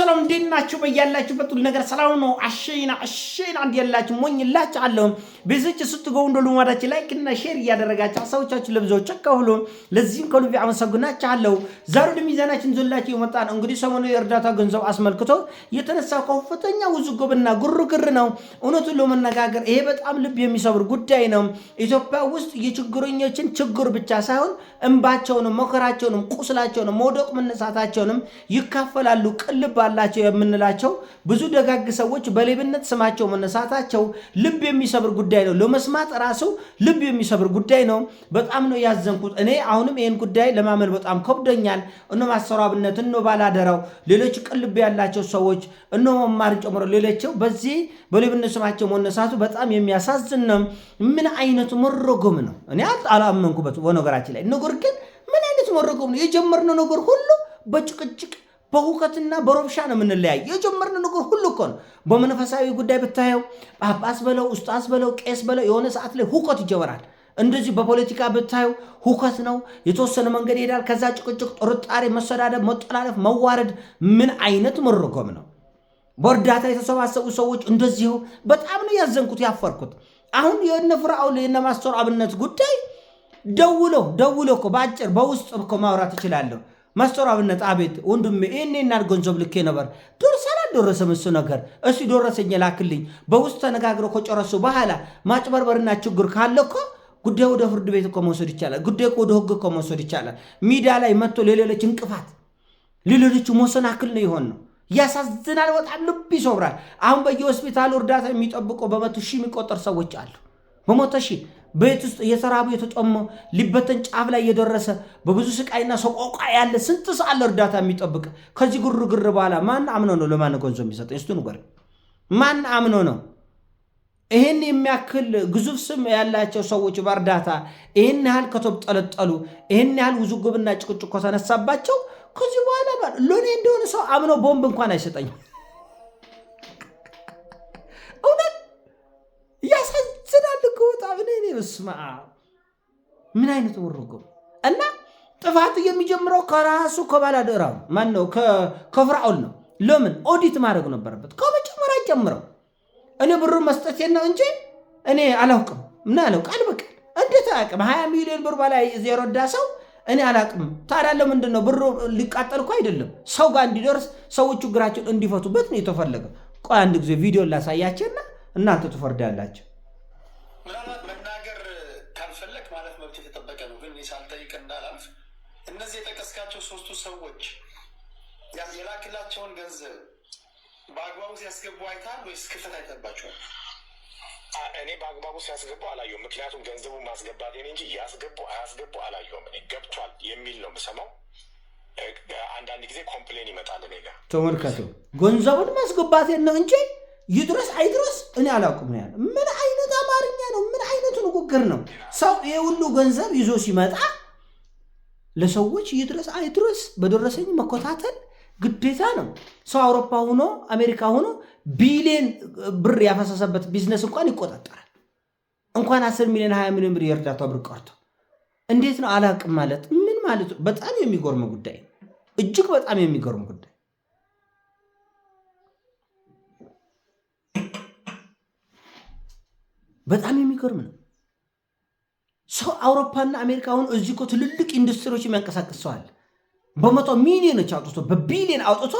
ሰላም እንዴት ናችሁ? በያላችሁበት ሁሉ ነገር ሰላም ነው። አሸይና አሸይና እንዴት ሞኝላችሁ አለሁም ቤዞች ስትገቡ እንደ ልማዳችን ላይክ እና ሼር እያደረጋችሁ ሀሳቦቻችሁ ለብዙዎች አካፍሉ። ለዚህም ከልቤ አመሰግናችኋለሁ። ዛሬ ለሚዛናችን ዞላችሁ የመጣን እንግዲህ ሰሞኑ የእርዳታ ገንዘብ አስመልክቶ የተነሳ ከፍተኛ ውዝግብና ግርግር ነው። እውነቱን ለመነጋገር ይሄ በጣም ልብ የሚሰብር ጉዳይ ነው። ኢትዮጵያ ውስጥ የችግረኞችን ችግር ብቻ ሳይሆን እንባቸውንም፣ መከራቸውንም፣ ቁስላቸውንም፣ መውደቅ መነሳታቸውንም ይካፈላሉ ቅልብ አላቸው የምንላቸው ብዙ ደጋግ ሰዎች በሌብነት ስማቸው መነሳታቸው ልብ የሚሰብር ጉዳይ ጉዳይ ነው። ለመስማት ራሱ ልብ የሚሰብር ጉዳይ ነው። በጣም ነው ያዘንኩት። እኔ አሁንም ይህን ጉዳይ ለማመን በጣም ከብዶኛል። እነ ማሰራብነት እነ ባላደራው፣ ሌሎች ቅልብ ያላቸው ሰዎች እነ መማር ጨምሮ ሌሎቸው በዚህ በሌብነት ስማቸው መነሳቱ በጣም የሚያሳዝን ነው። ምን አይነት መረጎም ነው? እኔ አላመንኩበት በነገራችን ላይ ነገር ግን ምን አይነት መረጎም ነው? የጀመርነው ነገር ሁሉ በጭቅጭቅ በሁከትና በሮብሻ ነው የምንለያይ። የጀመርን ነገር ሁሉ እኮ ነው። በመንፈሳዊ ጉዳይ ብታየው ጳጳስ በለው ኡስጣዝ በለው ቄስ በለው የሆነ ሰዓት ላይ ሁከት ይጀመራል። እንደዚህ በፖለቲካ ብታየው ሁከት ነው። የተወሰነ መንገድ ይሄዳል። ከዛ ጭቅጭቅ፣ ጥርጣሬ፣ መሰዳደብ፣ መጠላለፍ፣ መዋረድ ምን አይነት መረጎም ነው? በእርዳታ የተሰባሰቡ ሰዎች እንደዚሁ በጣም ነው ያዘንኩት፣ ያፈርኩት። አሁን የነ ፍራኦል የነ ማስተር አብነት ጉዳይ ደውሎ ደውሎ እኮ በአጭር በውስጥ እኮ ማውራት እችላለሁ። ማስተራብነት አቤት ወንድሜ ይህን እናል ገንዘብ ልኬ ነበር ደርሳል አልደረሰም? እሱ ነገር እሱ ደረሰኝ ላክልኝ። በውስጥ ተነጋግረው ከጨረሱ በኋላ ማጭበርበርና ችግር ካለ እኮ ጉዳዩ ወደ ፍርድ ቤት እኮ መውሰድ ይቻላል። ጉዳዩ ወደ ህግ እኮ መውሰድ ይቻላል። ሚዲያ ላይ መጥቶ ለሌሎች እንቅፋት ለሌሎች መሰናክል ነው የሆን ነው። ያሳዝናል። በጣም ልብ ይሰብራል። አሁን በየሆስፒታሉ እርዳታ የሚጠብቀው በመቶ ሺህ የሚቆጠር ሰዎች አሉ። በመቶ ሺህ ቤት ውስጥ እየተራቡ የተጠመ ሊበተን ጫፍ ላይ እየደረሰ በብዙ ስቃይና ሰቆቃ ያለ ስንት ሰዓት እርዳታ የሚጠብቅ ከዚህ ግርግር በኋላ ማን አምኖ ነው ለማን ገንዘብ የሚሰጠ? እስቲ ንገር። ማን አምኖ ነው ይህን የሚያክል ግዙፍ ስም ያላቸው ሰዎች በእርዳታ ይህን ያህል ጠለጠሉ ይህን ያህል ውዝግብና ጭቅጭቅ ከተነሳባቸው ከዚህ በኋላ ሎኔ እንደሆነ ሰው አምኖ ቦምብ እንኳን አይሰጠኝም። በስመ አብ ምን አይነት ውርጎ እና ጥፋት የሚጀምረው ከራሱ ከባላደራው ማን ነው? ከፍራኦል ነው። ለምን ኦዲት ማድረግ ነበረበት ከመጀመሪያ ጀምረው። እኔ ብሩ መስጠቴ ነው እንጂ እኔ አላውቅም። ምን አለው ቃል በቃል እንዴት አያውቅም? ሀያ ሚሊዮን ብር በላይ የረዳ ሰው እኔ አላውቅም። ታዲያ ለምንድን ነው ብሩ ሊቃጠል እኮ አይደለም፣ ሰው ጋር እንዲደርስ ሰዎች ችግራቸውን እንዲፈቱበት ነው የተፈለገ። ቆይ አንድ ጊዜ ቪዲዮን ላሳያችሁና እናንተ ትፈርዳላችሁ። እነዚህ የጠቀስካቸው ሶስቱ ሰዎች የላክላቸውን ገንዘብ በአግባቡ ሲያስገቡ አይታል ወይስ ክፍተት አይታባቸዋል? እኔ በአግባቡ ሲያስገቡ አላየሁም። ምክንያቱም ገንዘቡ ማስገባት እንጂ ያስገቡ አያስገቡ አላየሁም። እኔ ገብቷል የሚል ነው የምሰማው። አንዳንድ ጊዜ ኮምፕሌን ይመጣል እኔ ጋር። ተመልከቱ፣ ገንዘቡን ማስገባት ነው እንጂ ይድረስ አይድረስ እኔ አላውቅም ነው ያለው። ምን አይነት አማርኛ ነው? ምን አይነቱ ንግግር ነው? ሰው ይህ ሁሉ ገንዘብ ይዞ ሲመጣ ለሰዎች ይድረስ አይድረስ በደረሰኝ መኮታተል ግዴታ ነው። ሰው አውሮፓ ሆኖ አሜሪካ ሆኖ ቢሊዮን ብር ያፈሰሰበት ቢዝነስ እንኳን ይቆጣጠራል። እንኳን 10 ሚሊዮን ሀያ ሚሊዮን ብር የእርዳታ ብር ቀርቶ እንዴት ነው አላቅም ማለት ምን ማለት በጣም የሚጎርም ጉዳይ ነው። እጅግ በጣም የሚጎርም ጉዳይ በጣም የሚገርም ነው። አውሮፓና አሜሪካ አሁን እዚህ እኮ ትልልቅ ኢንዱስትሪዎች የሚያንቀሳቅስ ሰዋል በመቶ ሚሊዮኖች አውጥቶ በቢሊዮን አውጥቶ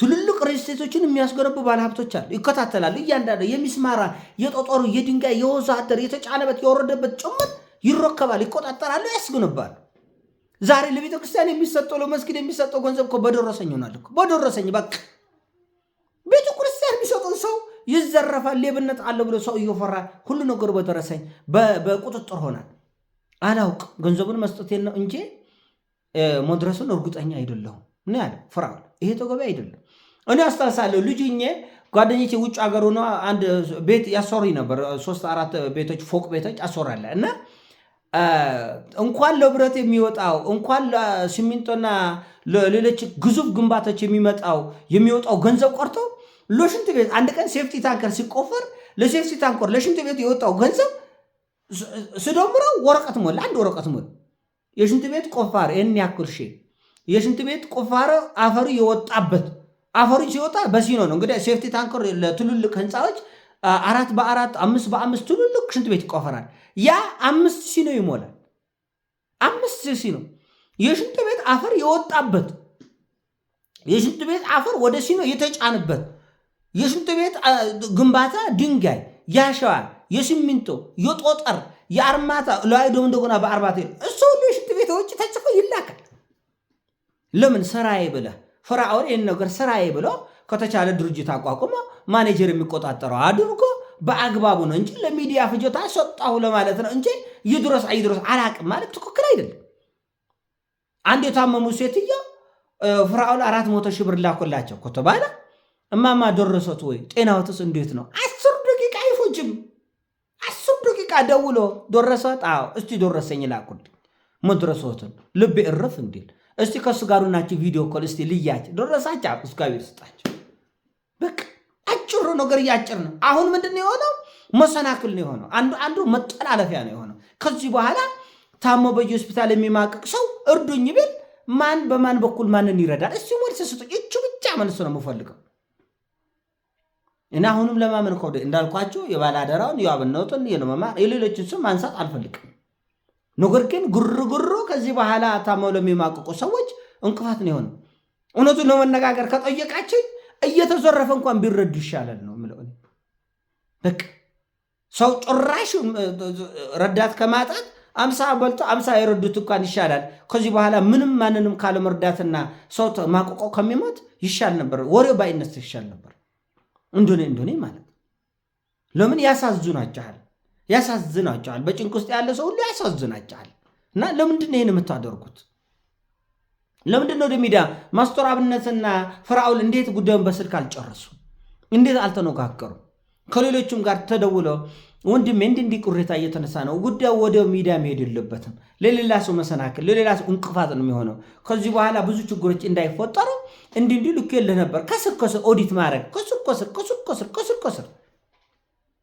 ትልልቅ ሪልስቴቶችን የሚያስገነቡ ባለሀብቶች አሉ። ይከታተላሉ። እያንዳንዱ የሚስማራ የጦጦሩ የድንጋይ የወዛደር የተጫነበት የወረደበት ጭምር ይረከባል፣ ይቆጣጠራሉ፣ ያስገነባሉ። ዛሬ ለቤተ ክርስቲያን የሚሰጠው ለመስጊድ የሚሰጠው ገንዘብ እኮ በደረሰኝ ይሆናል። በደረሰኝ በቃ ቤተ ክርስቲያን የሚሰጠው ሰው ይዘረፋል፣ ሌብነት አለ ብሎ ሰው እየፈራ ሁሉ ነገሩ በደረሰኝ በቁጥጥር ሆናል። አላውቅ ገንዘቡን መስጠት ነው እንጂ መድረሱን እርግጠኛ አይደለሁም። ምን ያለ ፍራውን ይሄ ተገቢ አይደለም። እኔ አስታውሳለሁ ልጅ ጓደኞች ጓደኞቼ ውጭ ሀገር ሆኖ አንድ ቤት ያሶሪ ነበር። ሶስት አራት ቤቶች ፎቅ ቤቶች አሶራለ እና እንኳን ለብረት የሚወጣው እንኳን ለሲሚንቶና ለሌሎች ግዙፍ ግንባታዎች የሚመጣው የሚወጣው ገንዘብ ቀርቶ ለሽንት ቤት አንድ ቀን ሴፍቲ ታንከር ሲቆፈር ለሴፍቲ ታንከር ለሽንት ቤት የወጣው ገንዘብ ስደምረው ወረቀት ሞል አንድ ወረቀት ሞል የሽንት ቤት ቆፋር ይህን ያክል ሺ የሽንት ቤት ቆፋር አፈሩ የወጣበት አፈሩ ሲወጣ በሲኖ ነው እንግዲህ ሴፍቲ ታንከር ለትልልቅ ህንፃዎች አራት በአራት አምስት በአምስት ትልልቅ ሽንት ቤት ይቆፈራል። ያ አምስት ሲኖ ይሞላል። አምስት ሲኖ የሽንት ቤት አፈር የወጣበት የሽንት ቤት አፈር ወደ ሲኖ የተጫንበት የሽንት ቤት ግንባታ ድንጋይ ያሸዋል የሲሚንቶ የጦጠር የአርማታ ለዋይ ደግሞ እንደገና በአርባታ እሱ ሁሉ የሽንት ቤት ውጭ ተጽፎ ይላካል። ለምን ስራዬ ብለ ፈርዖን ይህን ነገር ስራዬ ብሎ ከተቻለ ድርጅት አቋቁሞ ማኔጀር የሚቆጣጠረው አድርጎ በአግባቡ ነው እንጂ ለሚዲያ ፍጆታ ሰጣሁ ለማለት ነው እንጂ ይድረስ አይድረስ አላቅም ማለት ትክክል አይደለም። አንድ የታመሙ ሴትዮ ፍራኦል አራት መቶ ሺህ ብር ላኮላቸው ከተባለ እማማ ደረሰት ወይ ጤናዎትስ እንዴት ነው? አስር ደቂቃ አይፈጅም። በቃ ደውሎ ዶረሰት? አዎ እስቲ ዶረሰኝ ላኩልኝ። መድረሶትን ልቤ እረፍ እንዲል እስቲ ከእሱ ጋር ናቸው ቪዲዮ ኮል እስቲ ልያች ደረሳች። እግዚአብሔር ይስጣቸው። በቃ አጭሩ ነገር እያጭር ነው። አሁን ምንድን ነው የሆነው? መሰናክል ነው የሆነው። አንዱ አንዱ መጠላለፊያ ነው የሆነው። ከዚህ በኋላ ታሞ በየ ሆስፒታል የሚማቅቅ ሰው እርዱኝ ቢል ማን በማን በኩል ማንን ይረዳል? እስቲ ሞድ ስጡኝ። እቹ ብቻ መልስ ነው የምፈልገው። እና አሁንም ለማመን ከወደ እንዳልኳቸው የባላደራውን የዋብነውጥን የለመማር የሌሎችን ስም ማንሳት አልፈልግም። ነገር ግን ጉርጉሩ ከዚህ በኋላ ታመው ለሚማቅቁ ሰዎች እንቅፋት ነው የሆነው። እውነቱን ለመነጋገር ከጠየቃችን እየተዘረፈ እንኳን ቢረዱ ይሻላል ነው የምለው። በቃ ሰው ጭራሽ ረዳት ከማጣት አምሳ በልቶ አምሳ የረዱት እንኳን ይሻላል። ከዚህ በኋላ ምንም ማንንም ካለመርዳትና ሰው ማቆቆ ከሚሞት ይሻል ነበር፣ ወሬው ባይነስ ይሻል ነበር። እንደሆነ እንደሆነ ማለት ለምን ያሳዝናችኋል? ያሳዝናችኋል። በጭንቅ ውስጥ ያለ ሰው ሁሉ ያሳዝናችኋል። እና ለምንድን ነው ይህን የምታደርጉት? ለምንድን ነው ወደ ሚዲያ ማስተር አብነትና እንዴት ጉዳዩን በስልክ አልጨረሱ? እንዴት አልተነጋገሩ? ከሌሎችም ጋር ተደውለው ወንድሜ እንዲህ እንዲህ ቅሬታ እየተነሳ ነው። ጉዳዩ ወደ ሚዲያ መሄድ የለበትም። ለሌላ ሰው መሰናክል፣ ለሌላ ሰው እንቅፋት ነው የሚሆነው። ከዚህ በኋላ ብዙ ችግሮች እንዳይፈጠሩ እንዲህ እንዲህ ልኩ የለ ነበር። ከስር ከስር ኦዲት ማድረግ ከስር ከስር ከስር ከስር ከስር ከስር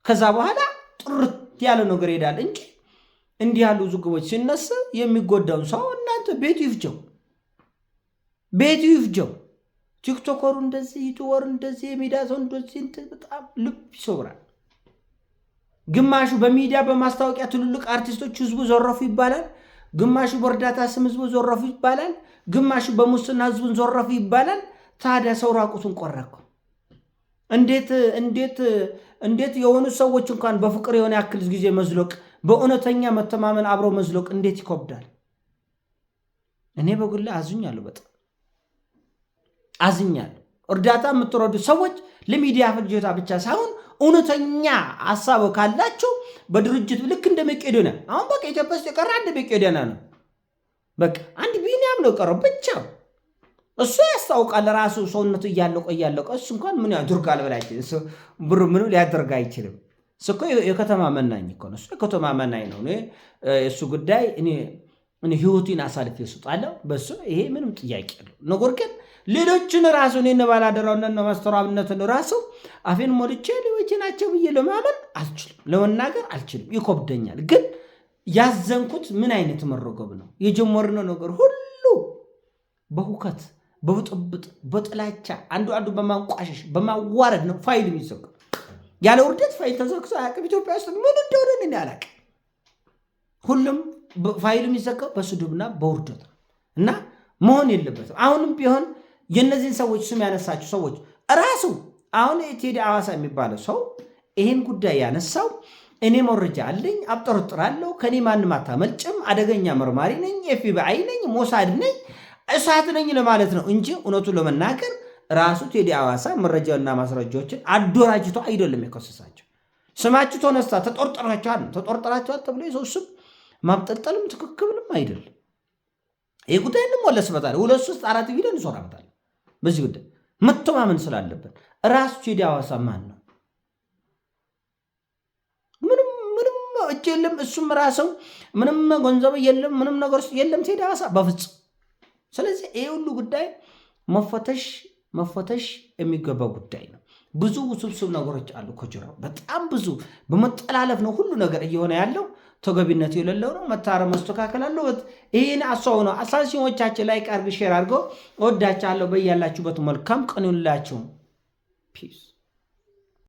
ከዛ በኋላ ጥርት ያለ ነገር ይሄዳል እንጂ እንዲህ ያሉ ዝግቦች ሲነሳ የሚጎዳው ሰው እናንተ ቤቱ ይፍጀው፣ ቤቱ ይፍጀው። ቲክቶከሩ እንደዚህ፣ ዩቱበሩ እንደዚህ፣ የሚዲያ ሰው እንደዚህ፣ በጣም ልብ ይሰብራል። ግማሹ በሚዲያ በማስታወቂያ ትልልቅ አርቲስቶች ህዝቡ ዘረፉ ይባላል። ግማሹ በእርዳታ ስም ህዝቡ ዘረፉ ይባላል። ግማሹ በሙስና ህዝቡን ዘረፉ ይባላል። ታዲያ ሰው ራቁቱን ቆረኩ። እንዴት እንዴት እንዴት የሆኑ ሰዎች እንኳን በፍቅር የሆነ ያክል ጊዜ መዝሎቅ፣ በእውነተኛ መተማመን አብሮ መዝሎቅ እንዴት ይከብዳል። እኔ በግሌ አዝኛለሁ፣ በጣም አዝኛለሁ። እርዳታ የምትረዱ ሰዎች ለሚዲያ ፍጆታ ብቻ ሳይሆን እውነተኛ ሀሳብ ካላችሁ በድርጅቱ ልክ እንደ መቄዶንያ አሁን በቃ ኢትዮጵያ ውስጥ የቀረ አንድ መቄዶንያ ነው። በቃ አንድ ቢኒያም ነው የቀረው ብቻ እሱ ያስታውቃል። ራሱ ሰውነቱ እያለቀ እያለቀ እሱ እንኳን ምን ያድርጋል በላችን ብሩ ምን ሊያደርግ አይችልም። እሱ እኮ የከተማ መናኝ እኮ ነው። እሱ የከተማ መናኝ ነው። እሱ ጉዳይ እኔ ህይወቱን አሳልፌ እሰጣለሁ በሱ ይሄ ምንም ጥያቄ የለውም። ነገር ግን ሌሎችን ራሱ እኔን ባላደራውነት ነው መስተራብነትን ራሱ አፌን ሞልቼ ሌሎች ናቸው ብዬ ለማመን አልችልም፣ ለመናገር አልችልም፣ ይኮብደኛል። ግን ያዘንኩት ምን አይነት መረገብ ነው? የጀመርነው ነገር ሁሉ በሁከት በብጥብጥ በጥላቻ አንዱ አንዱ በማንቋሸሽ በማዋረድ ነው ፋይል የሚዘጉ ያለ ውርደት ፋይል ተዘግቶ አያውቅም ኢትዮጵያ ውስጥ ምን እንደሆነ እኔ አላውቅም። ሁሉም ፋይል የሚዘጋው በስድብና በውርደት እና መሆን የለበትም አሁንም ቢሆን የእነዚህን ሰዎች ስም ያነሳቸው ሰዎች ራሱ አሁን ቴዲ አዋሳ የሚባለው ሰው ይህን ጉዳይ ያነሳው እኔ መረጃ አለኝ፣ አብጠረጥራለሁ፣ ከኔ ማንም አታመልጭም፣ አደገኛ መርማሪ ነኝ፣ ኤፍቢአይ ነኝ፣ ሞሳድ ነኝ፣ እሳት ነኝ ለማለት ነው እንጂ እውነቱን ለመናገር ራሱ ቴዲ አዋሳ መረጃና ማስረጃዎችን አደራጅቶ አይደለም የከሰሳቸው። ስማችሁ ተነሳ ተጠርጥራችኋል፣ ተጠርጥራችኋል ተብሎ የሰው ስም ማብጠልጠልም ትክክልም አይደለም። ይህ ጉዳይ እንመለስበታል። ሁለት ሶስት አራት ቪዲዮ እንሰራበታል። በዚህ ጉዳይ መተማመን ስላለብን ራሱ ቴዲ ሐዋሳ ማን ነው? ምንም ምንም እጅ የለም እሱም ራሰው ምንም ገንዘብ የለም ምንም ነገር የለም ቴዲ ሐዋሳ በፍጹም። ስለዚህ ይህ ሁሉ ጉዳይ መፈተሽ መፈተሽ የሚገባው ጉዳይ ነው። ብዙ ውስብስብ ነገሮች አሉ ከጀርባ በጣም ብዙ በመጠላለፍ ነው ሁሉ ነገር እየሆነ ያለው። ተገቢነት የሌለው ነው። መታረም መስተካከል አለበት። ይህን ነው አሳሲዎቻችን ላይ ቀርብ ሼር አድርገው ወዳቻለሁ። በያላችሁበት መልካም ቀን ይሁንላችሁ። ፒስ